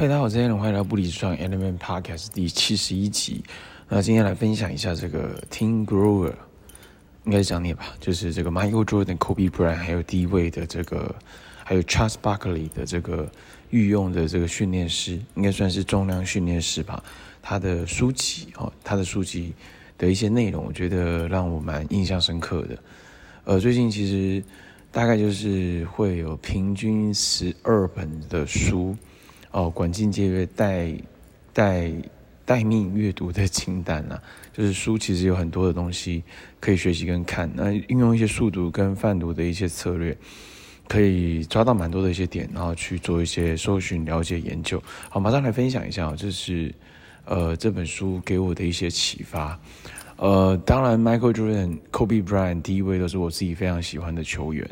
嗨，大家好，我是 Allen，今天歡迎來到不離職創業 Element Podcast 第七十一集。那今天來分享一下這個 Tim Grover，應該是講你吧，就是這個 Michael Jordan、Kobe Bryant 還有第一位的這個，還有 Charles Barkley 的這個御用的這個訓練師，應該算是重量訓練師吧。他的書籍哦，他的書籍的一些內容，我覺得讓我蠻印象深刻的。呃，最近其實大概就是會有平均十二本的書。嗯哦，管進界約待待待命閱讀的清單啦、啊，就是書其實有很多的東西可以學習跟看，那、呃、運用一些速讀跟泛讀的一些策略，可以抓到蠻多的一些點，然後去做一些搜尋、了解、研究。好，馬上來分享一下、哦、就是呃這本書給我的一些啟發。呃，當然，Michael Jordan、Kobe Bryant 第一位都是我自己非常喜歡的球員。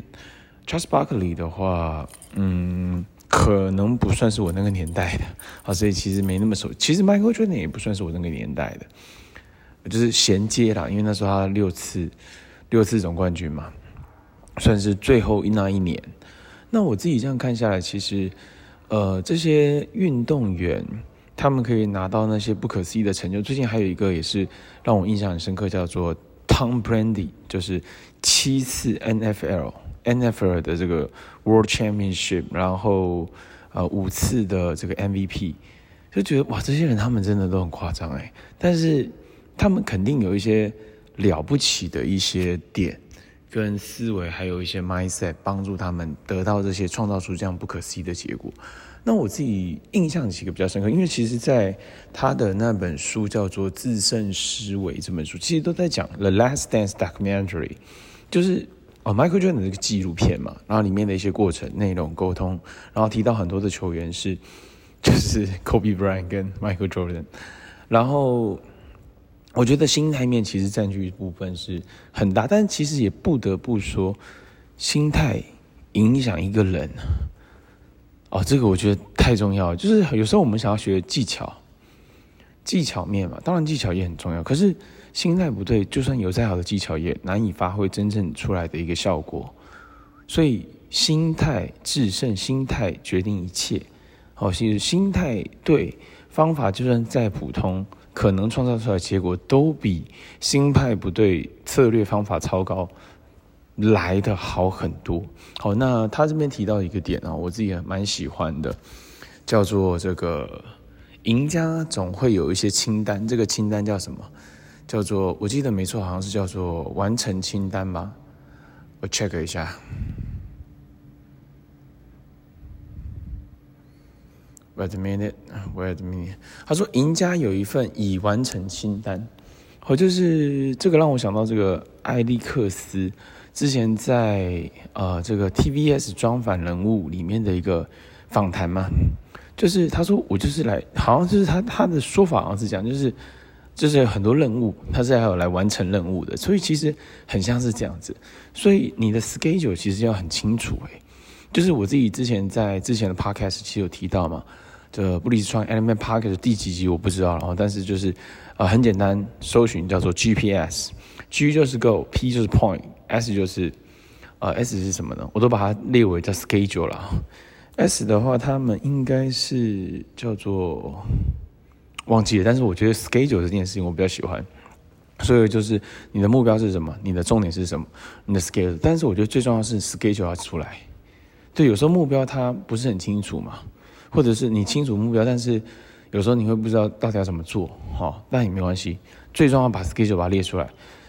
Charles Barkley 的話，嗯。可能不算是我那個年代的，啊，所以其實沒那麼熟。其實邁克爾·喬丹也不算是我那個年代的，就是銜接啦，因為那時候他六次六次總冠軍嘛，算是最後一那一年。那我自己這樣看下來，其實呃，這些運動員他們可以拿到那些不可思議的成就。最近還有一個也是讓我印象很深刻，叫做 Tom Brady，就是七次 NFL。NFL 的這個 World Championship，然後呃五次的這個 M.V.P.，就覺得哇，這些人他們真的都很誇張哎，但是他們肯定有一些了不起的一些點跟思維，還有一些 mindset，幫助他們得到這些創造出這樣不可思議的結果。那我自己印象幾個比較深刻，因為其實在他的那本書叫做《致勝思維》這本書，其實都在講《The Last Dance》Documentary，就是。啊，哦，Michael Jordan 那個紀錄片嘛，然後裡面的一些過程、內容、溝通，然後提到很多的球員是，就是 Kobe Bryant 跟 Michael Jordan，然後我覺得心態面其實占據一部分是很大，但其實也不得不說，心態影響一個人。哦，這個我覺得太重要，就是有時候我們想要學技巧，技巧面嘛，當然技巧也很重要，可是。心態不對，就算有再好的技巧，也難以發揮真正出來的一個效果。所以，心態制勝，心態決定一切。好，其實心態對，方法就算再普通，可能創造出來的結果都比心態不對、策略方法超高來得好很多。好，那他這邊提到一個點啊，我自己也蠻喜歡的，叫做這個贏家總會有一些清單，這個清單叫什麼？叫做，我記得沒錯，好像是叫做完成清單吧。我 check 一下。Wait a minute, wait a minute。他說，贏家有一份已完成清單。我、哦、就是這個讓我想到這個艾利克斯之前在呃、這個 TBS 專訪人物裡面的一個訪談嘛，就是他說，我就是來，好像就是他他的說法好像是這樣，就是。就是很多任務，它是要有來完成任務的，所以其實很像是這樣子。所以你的 schedule 其實要很清楚耶。就是我自己之前在之前的 podcast 其實有提到嘛，這布里斯川 Element podcast 第幾集我不知道，然後但是就是、呃、很簡單，搜尋叫做 GPS，G 就是 Go，P 就是 Point，S 就是、呃、S 是什麼呢？我都把它列為叫 schedule 了。S 的話，他們應該是叫做。忘記了，但是我覺得 schedule 這件事情我比較喜歡，所以就是你的目標是什麼，你的重點是什麼，你的 schedule。但是我覺得最重要是 schedule 要出來。對，有時候目標它不是很清楚嘛，或者是你清楚目標，但是有時候你會不知道到底要怎麼做，哈、哦，那也沒關係。最重要把 schedule 把它列出來，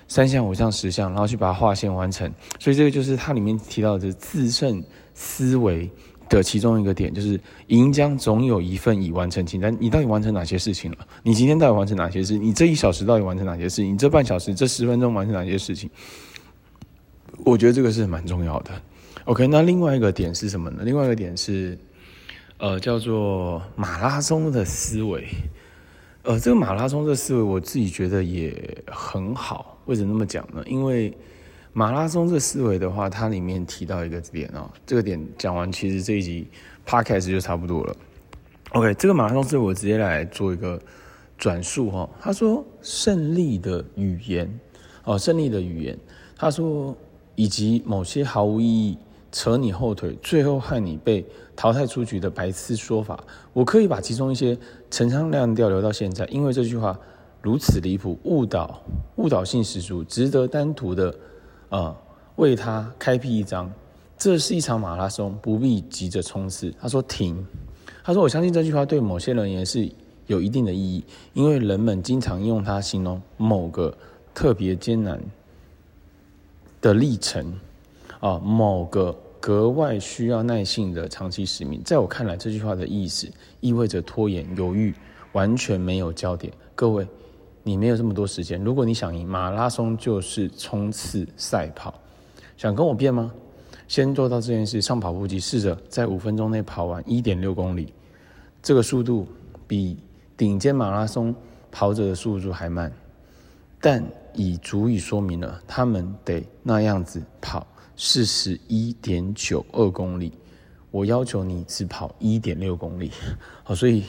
三項五項十項，然後去把它劃線完成。所以這個就是它裡面提到的致勝思維，的其中一個點就是，贏家總有一份已完成清單。但你到底完成哪些事情了？你今天到底完成哪些事？你這一小時到底完成哪些事？你這半小時、這十分鐘完成哪些事情？我覺得這個是蠻重要的。OK，那另外一個點是什麼呢？另外一個點是，呃，叫做馬拉松的思維。呃，這個馬拉松的思維，我自己覺得也很好。為什麼那麼講呢？因為馬拉松這個思維的話，它裡面提到一個點哦，這個點講完，其實這一集 podcast 就差不多了。OK，這個馬拉松思維，我直接來做一個轉述哈、哦。他說勝利的語言哦，勝利的語言。他說以及某些毫無意義、扯你後腿、最後害你被淘汰出局的白痴說法，我可以把其中一些陳腔濫調留到現在，因為這句話如此離譜、誤導、誤導性十足，值得單獨的。啊、呃，為他開闢一張，這是一場馬拉松，不必急着衝刺。他說停，他說我相信這句話對某些人也是有一定的意義，因為人們經常用它形容某個特別艱難的歷程，啊、呃，某個格外需要耐性的長期使命。在我看來，這句話的意思意味着拖延、猶豫，完全沒有焦點。各位。你沒有這麼多時間。如果你想贏，馬拉松，就是衝刺賽跑。想跟我變嗎？先做到這件事：上跑步機，試着在五分鐘內跑完一點六公里。這個速度比頂尖馬拉松跑者的速度還慢，但已足以說明了他們得那樣子跑四十一點九二公里。我要求你只跑一點六公里。好、哦，所以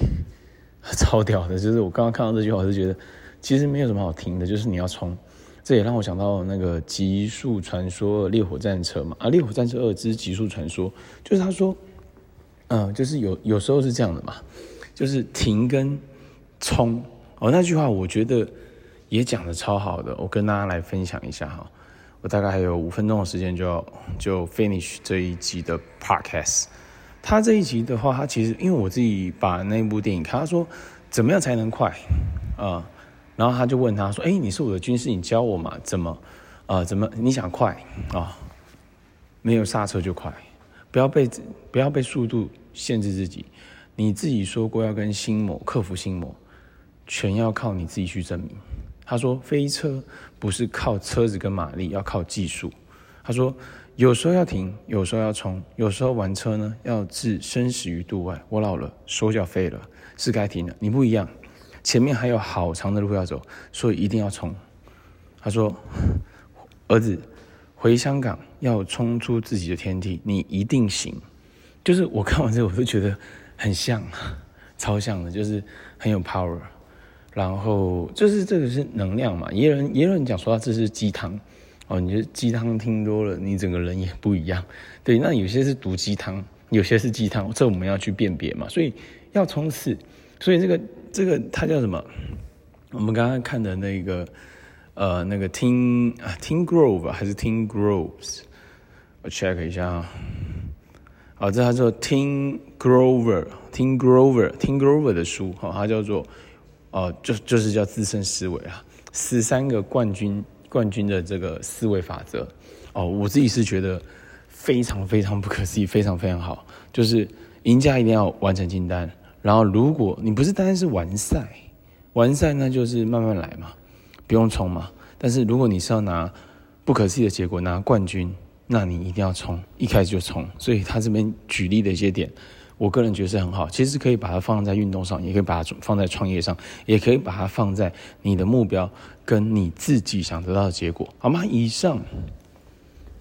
超屌的，就是我剛剛看到這句話，我就覺得。其實沒有什麼好停的，就是你要衝。這也讓我想到那個《極速傳說》《烈火戰車》嘛，啊，《烈火戰車二之極速傳說》，就是他說，嗯、呃，就是有，有時候是這樣的嘛，就是停跟衝。哦，那句話我覺得也講得超好的，我跟大家來分享一下哈。我大概還有五分鐘的時間就要就 finish 這一集的 podcast。他這一集的話，他其實因為我自己把那部電影看，他說怎麼樣才能快啊？呃然後他就問他說：“誒、欸，你是我的軍師，你教我嘛？怎麼，啊、呃、怎麼？你想快啊、哦？沒有剎車就快，不要被不要被速度限制自己。你自己說過要跟心魔克服心魔，全要靠你自己去證明。”他說：“飛車不是靠車子跟馬力，要靠技術。”他說：“有時候要停，有時候要衝，有時候玩車呢，要置生死於度外。我老了，手腳廢了，是該停了。你不一樣。”前面還有好長的路要走，所以一定要衝。他說：“兒子，回香港要衝出自己的天地，你一定行。”就是我看完之後，我都覺得很像，超像的，就是很有 power。然後就是這個是能量嘛，也有人也有人講說這是雞湯哦。你覺得雞湯聽多了，你整個人也不一樣。對，那有些是毒雞湯，有些是雞湯，這我們要去辨別嘛。所以要衝刺，所以這個。這個它叫什麼？我們剛剛看的那個，呃，那個 Tim 啊，Tim Grove 還是 Tim Groves？我 check 一下啊。啊，這叫做 Tim Grover，Tim Grover，Tim Grover 的書哈，它、啊、叫做，哦、啊，就就是叫《致勝思維》啊，《十三個冠軍冠軍的這個思維法則》哦、啊，我自己是覺得非常非常不可思議，非常非常好，就是贏家一定要完成清單。然後，如果你不是單單是完賽，完賽那就是慢慢來嘛，不用衝嘛。但是如果你是要拿不可思議的結果，拿冠軍，那你一定要衝，一開始就衝。所以他這邊舉例的一些點，我個人覺得是很好。其實可以把它放在運動上，也可以把它放在創業上，也可以把它放在你的目標跟你自己想得到的結果，好嗎？以上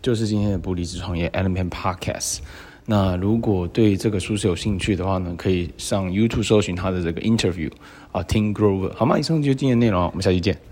就是今天的不離職創業 Element Podcast。那如果對這個書是有興趣的話呢，可以上 YouTube 搜尋他的這個 interview 啊，Tim Grover 好嗎？以上就是今天的內容，哦，我們下期見。